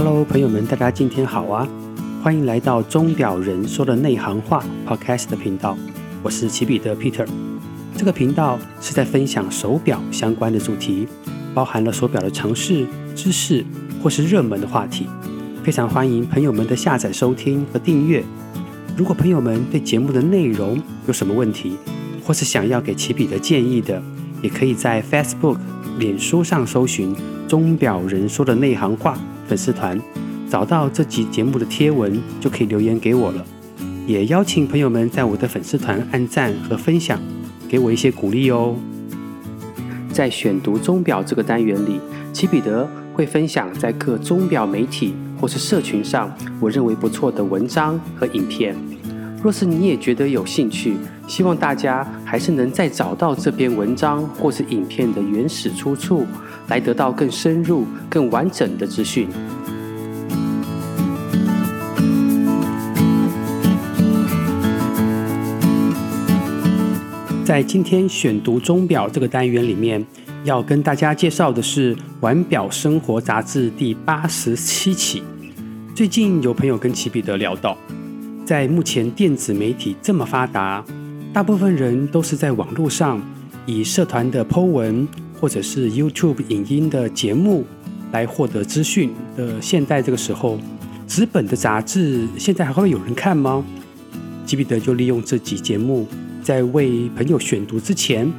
Hello，朋友們，大家今天好啊！歡迎來到《鐘錶人說的內行話》Podcast 頻道，我是齊彼得 Peter。這個頻道是在分享手表相關的主題，包含了手表的常識、知識或是熱門的話題。非常歡迎朋友們的下載、收聽和訂閱。如果朋友們對節目的內容有什麼問題，或是想要給齊彼得建議的，也可以在 Facebook、臉書上搜尋《鐘錶人說的內行話》。粉絲團找到這集節目的貼文，就可以留言給我了。也邀請朋友們在我的粉絲團按讚和分享，給我一些鼓勵哦。在選讀鐘錶這個單元裡，齊彼得會分享在各鐘錶媒體或是社群上我認為不錯的文章和影片。若是你也覺得有興趣，希望大家還是能再找到這篇文章或是影片的原始出處，來得到更深入、更完整的資訊。在今天選讀鐘錶這個單元裡面，要跟大家介紹的是《腕錶生活》雜誌第八十七期。最近有朋友跟齊彼得聊到，在目前電子媒體這麼發達，大部分人都是在網絡上以社團的 po 文，或者是 YouTube 影音的節目來獲得資訊的、呃，現在這個時候，紙本的雜誌現在還會有人看嗎？齊彼得就利用這集節目，在為朋友選讀之前，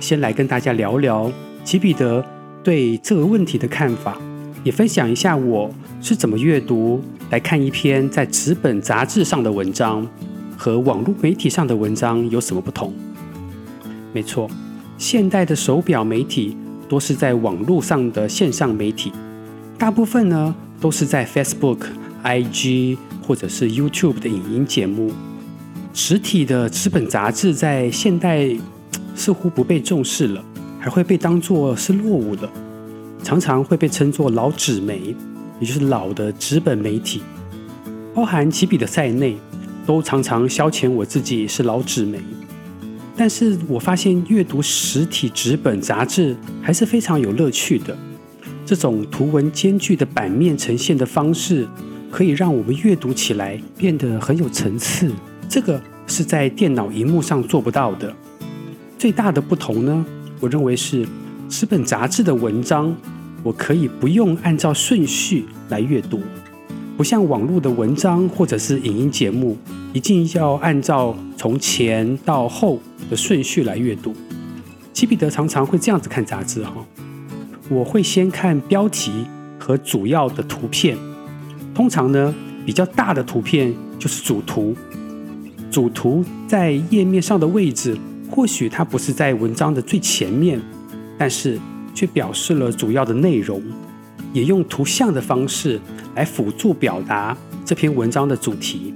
先來跟大家聊聊齊彼得對這個問題的看法，也分享一下我是怎麼閱讀，來看一篇在紙本雜誌上的文章和網絡媒體上的文章有什麼不同。沒錯。現代的手錶媒體多是在網絡上的線上媒體，大部分呢都是在 Facebook、IG 或者是 YouTube 的影音節目。實體的紙本雜誌在現代似乎不被重視了，還會被當作是落伍的，常常會被稱作老紙媒，也就是老的紙本媒體。包含齊彼得的在內，都常常消遣我自己是老紙媒。但是我發現閱讀實體紙本雜誌還是非常有樂趣的。這種圖文兼具的版面呈現的方式，可以讓我們閱讀起來變得很有層次。這個是在電腦熒幕上做不到的。最大的不同呢，我認為是紙本雜誌的文章，我可以不用按照順序來閱讀，不像網絡的文章或者是影音節目，一定要按照從前到後。的順序來閱讀，齊彼得常常會這樣子看雜誌哈。我會先看標題和主要的圖片，通常呢比較大的圖片就是主圖。主圖在頁面上的位置或許它不是在文章的最前面，但是卻表示了主要的內容，也用圖像的方式來輔助表達這篇文章的主題。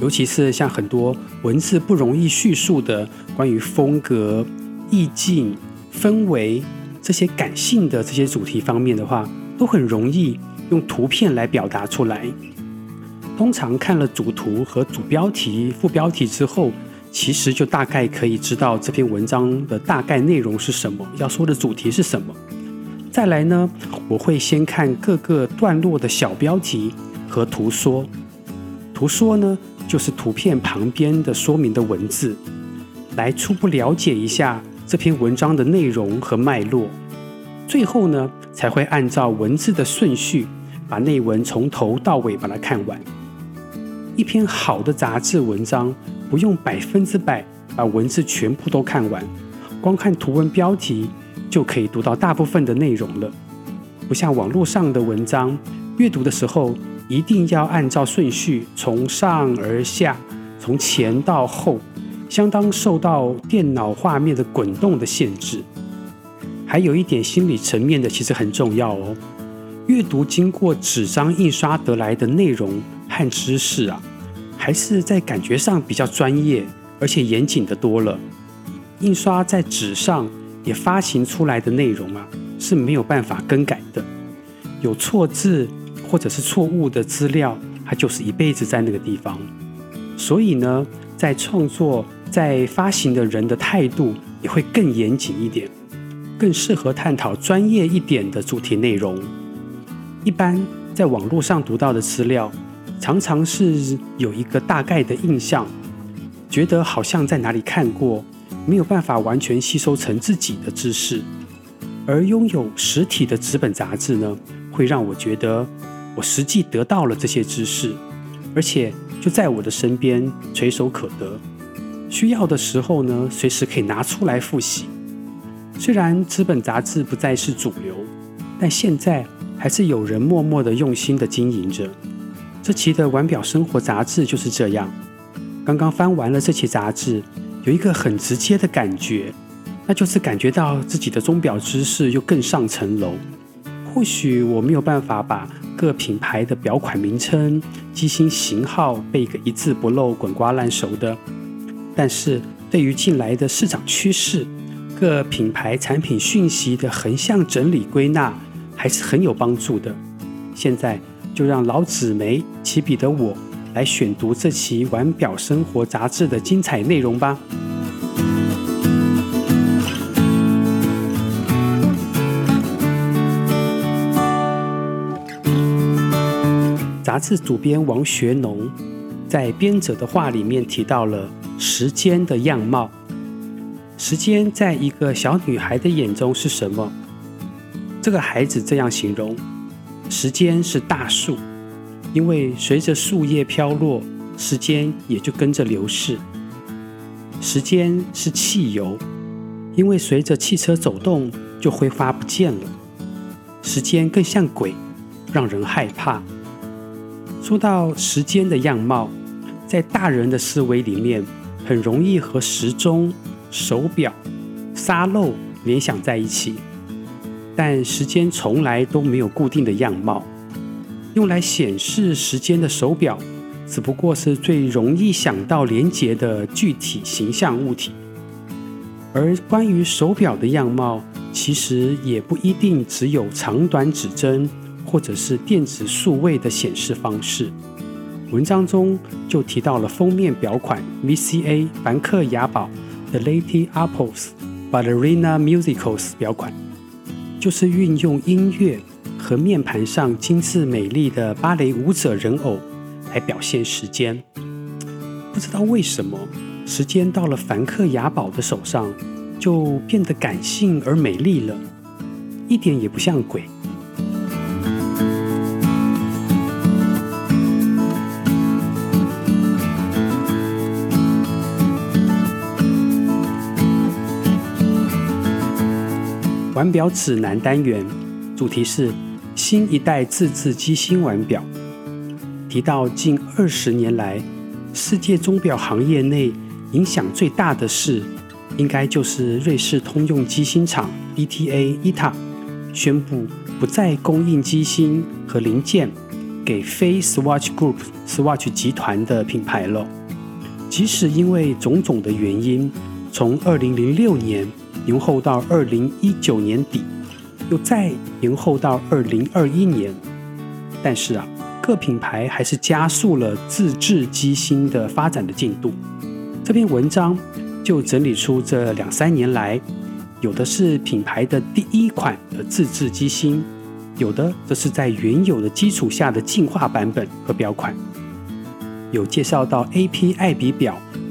尤其是像很多文字不容易敘述的關於風格、意境、氛圍這些感性的這些主題方面的話，都很容易用圖片來表達出來。通常看了主圖和主標題、副標題之後，其實就大概可以知道這篇文章的大概內容是什麼，要說的主題是什麼。再來呢，我會先看各個段落的小標題和圖說。圖說呢。就是圖片旁邊的說明的文字，來初步了解一下這篇文章的內容和脈絡。最後呢，才會按照文字的順序，把內文從頭到尾把它看完。一篇好的雜誌文章，不用百分之百把文字全部都看完，光看圖文標題就可以讀到大部分的內容了。不像網絡上的文章，閱讀的時候，一定要按照順序，從上而下，從前到後，相當受到電腦畫面的滾動的限制。還有一點心理層面的，其實很重要哦。閱讀經過紙張印刷得來的內容和知識啊，還是在感覺上比較專業而且嚴謹得多了。印刷在紙上也發行出來的內容啊，是沒有辦法更改的，有錯字。或者是錯誤的資料，它就是一輩子在那個地方。所以呢，在創作、在發行的人的態度也會更嚴謹一點，更適合探討專業一點的主題內容。一般在網絡上讀到的資料，常常是有一個大概的印象，覺得好像在哪裡看過，沒有辦法完全吸收成自己的知識。而擁有實體的紙本雜誌呢，會讓我覺得。我實際得到了這些知識，而且就在我的身邊，垂手可得。需要的時候呢，隨時可以拿出來複習。雖然紙本雜誌不再是主流，但現在還是有人默默地、用心地經營着。這期的《腕錶生活》雜誌就是這樣。剛剛翻完了這期雜誌，有一個很直接的感覺，那就是感覺到自己的鐘錶知識又更上層樓。或許我沒有辦法把各品牌的錶款名稱、機芯型號背個一字不漏、滾瓜爛熟的，但是對於近來的市場趨勢、各品牌產品訊息的橫向整理歸納，還是很有幫助的。現在就讓老紙媒齊彼得的我來選讀這期《腕錶生活》雜誌的精彩內容吧。雜誌主編王學農在編者的話裡面提到了時間的樣貌。時間在一個小女孩的眼中是什麼？這個孩子這樣形容：時間是大樹，因為隨着樹葉飄落，時間也就跟着流逝；時間是汽油，因為隨着汽車走動就揮發不見了；時間更像鬼，讓人害怕。說到時間的樣貌，在大人的思維裡面，很容易和時鐘、手錶、沙漏聯想在一起。但時間從來都沒有固定的樣貌，用來顯示時間的手錶，只不過是最容易想到連接的具體形象物體。而關於手錶的樣貌，其實也不一定只有長短指針。或者是電子數位的顯示方式，文章中就提到了封面錶款 VCA 梵克雅寶的 Lady Apples Ballerina Musicals 錶款，就是運用音樂和面盤上精緻美麗的芭蕾舞者人偶來表現時間。不知道為什麼，時間到了梵克雅寶的手上，就變得感性而美麗了，一點也不像鬼。腕錶指南單元，主題是新一代自製機芯腕錶。提到近二十年來，世界鐘錶行業內影響最大的事，應該就是瑞士通用機芯廠 ETA、ETA、宣布不再供應機芯和零件給非 Swatch Group Swatch 集團的品牌了。即使因為種種的原因，從2006年。延後到二零一九年底，又再延後到二零二一年，但是啊，各品牌還是加速了自製機芯的發展的進度。這篇文章就整理出這兩三年來，有的是品牌的第一款的自製機芯，有的則是在原有的基礎下的進化版本和錶款，有介紹到 A.P. 愛彼錶。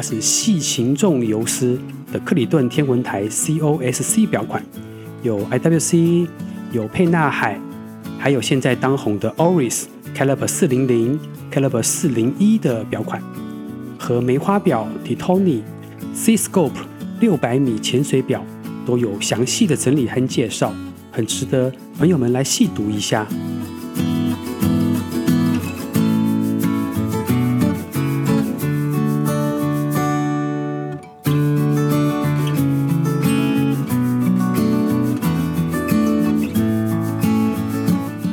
它是細型重游絲的克里頓天文台 COSC 表款，有 IWC，有沛納海，還有現在當紅的 ORIS Caliber 400、Caliber 401的表款，和梅花表 Titoni Seascope 600米潛水表都有詳細的整理和介紹，很值得朋友們來細讀一下。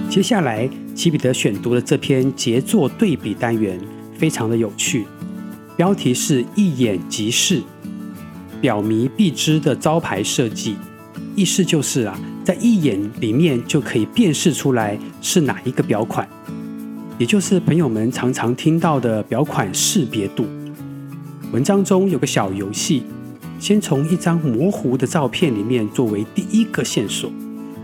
接下來，齊彼得選讀的這篇傑作對比單元非常的有趣，標題是一眼即識，錶迷必知的招牌設計，意思就是啊，在一眼裡面就可以辨識出來是哪一個錶款，也就是朋友們常常聽到的錶款識別度。文章中有個小遊戲，先從一張模糊的照片裡面作為第一個線索，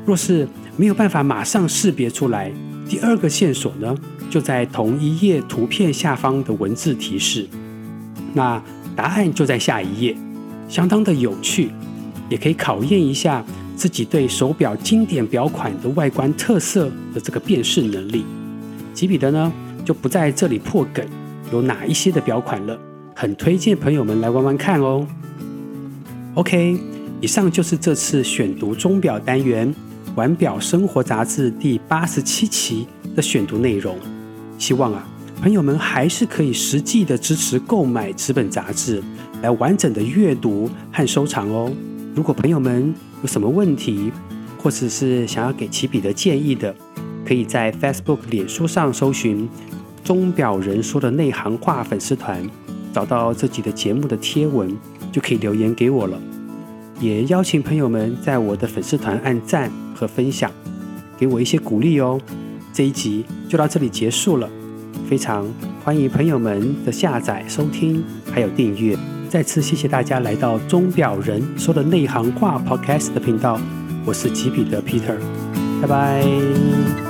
若是，沒有辦法馬上識別出來。第二個線索呢，就在同一頁圖片下方的文字提示。那答案就在下一頁，相當的有趣，也可以考驗一下自己對手錶經典錶款的外觀特色的這個辨識能力。齊彼得呢，就不在這裡破梗，有哪一些的錶款了，很推薦朋友們來玩玩看哦。OK，以上就是這次選讀鐘錶單元。腕錶生活》雜誌第八十七期的選讀內容，希望啊，朋友們還是可以實際的支持購買此本雜誌，來完整的閱讀和收藏哦。如果朋友們有什麼問題，或者是想要給齊彼得的建議的，可以在 Facebook 臉書上搜尋“鐘錶人說的內行話”粉絲團，找到自己的節目的貼文，就可以留言給我了。也邀請朋友們在我的粉絲團按讚和分享，給我一些鼓勵哦。這一集就到這裡結束了，非常歡迎朋友們的下載、收聽還有訂閱。再次謝謝大家來到《鐘錶人說的內行話》Podcast 的頻道，我是齊彼得 Peter，拜拜。